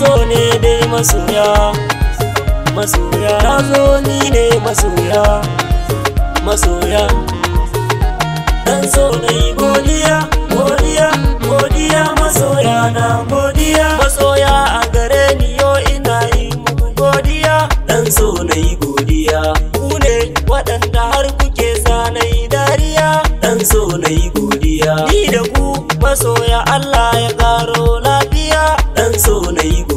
so ne dai masoya masoya na zo ni ne masoya masoya dan so na yi godiya godiya godiya masoya na godiya masoya a gare ni yo ina yi muku godiya dan so na yi godiya ku ne waɗanda har kuke sa na yi dariya dan so na yi godiya ni da ku masoya Allah ya karo lafiya dan so na yi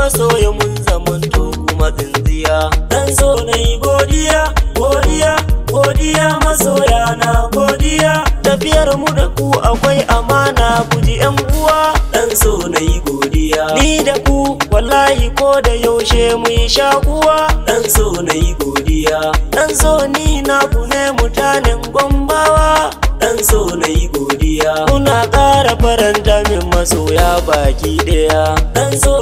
masoya mun zamanto kuma tsintsiya dan so na yi godiya godiya godiya masoya na godiya tafiyar mu da ku akwai amana guji yan uwa dan so na yi godiya ni da ku wallahi ko da yaushe mu yi shakuwa dan so na yi godiya dan so ni na ku ne mutanen gombawa dan so na yi godiya muna ƙara faranta min masoya baki ɗaya dan so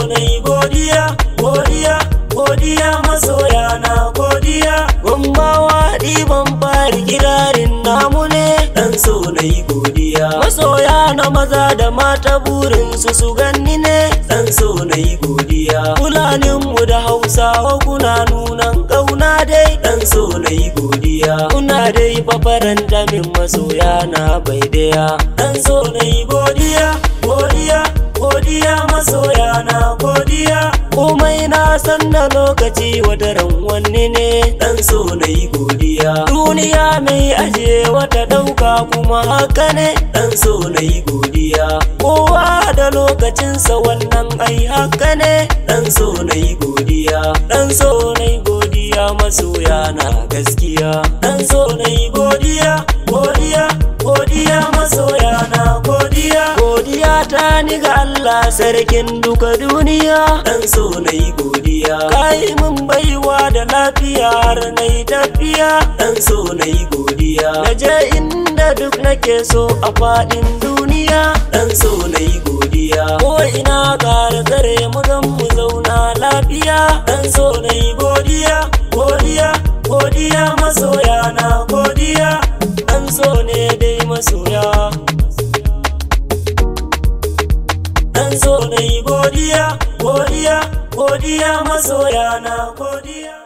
bawa ɗiban fari kirarin namu ne Dan so na yi godiya masoya na maza da mata burinsu su ganni ne Dan so na yi godiya fulaninmu da hausawa kuna nunan ƙauna dai Dan so na yi godiya kuna dai fafaranta min masoya na bai daya Dan so na yi godiya godiya godiya masoya na godiya komai na san da lokaci wadaran wanne ne dan so na godiya duniya mai aje wata dauka kuma haka ne dan so na godiya kowa da lokacinsa wannan ai haka ne dan so na godiya dan so na godiya masoya na gaskiya dan so ni ga Allah sarkin duka duniya dan so nayi godiya kai mun baiwa da lafiya har nayi tafiya dan so nayi godiya na inda duk nake so a faɗin duniya dan so nayi godiya ko ina ƙara tsare mu zan mu zauna lafiya dan so nayi godiya godiya godiya masoya godiya godiya godiya masoyana godiya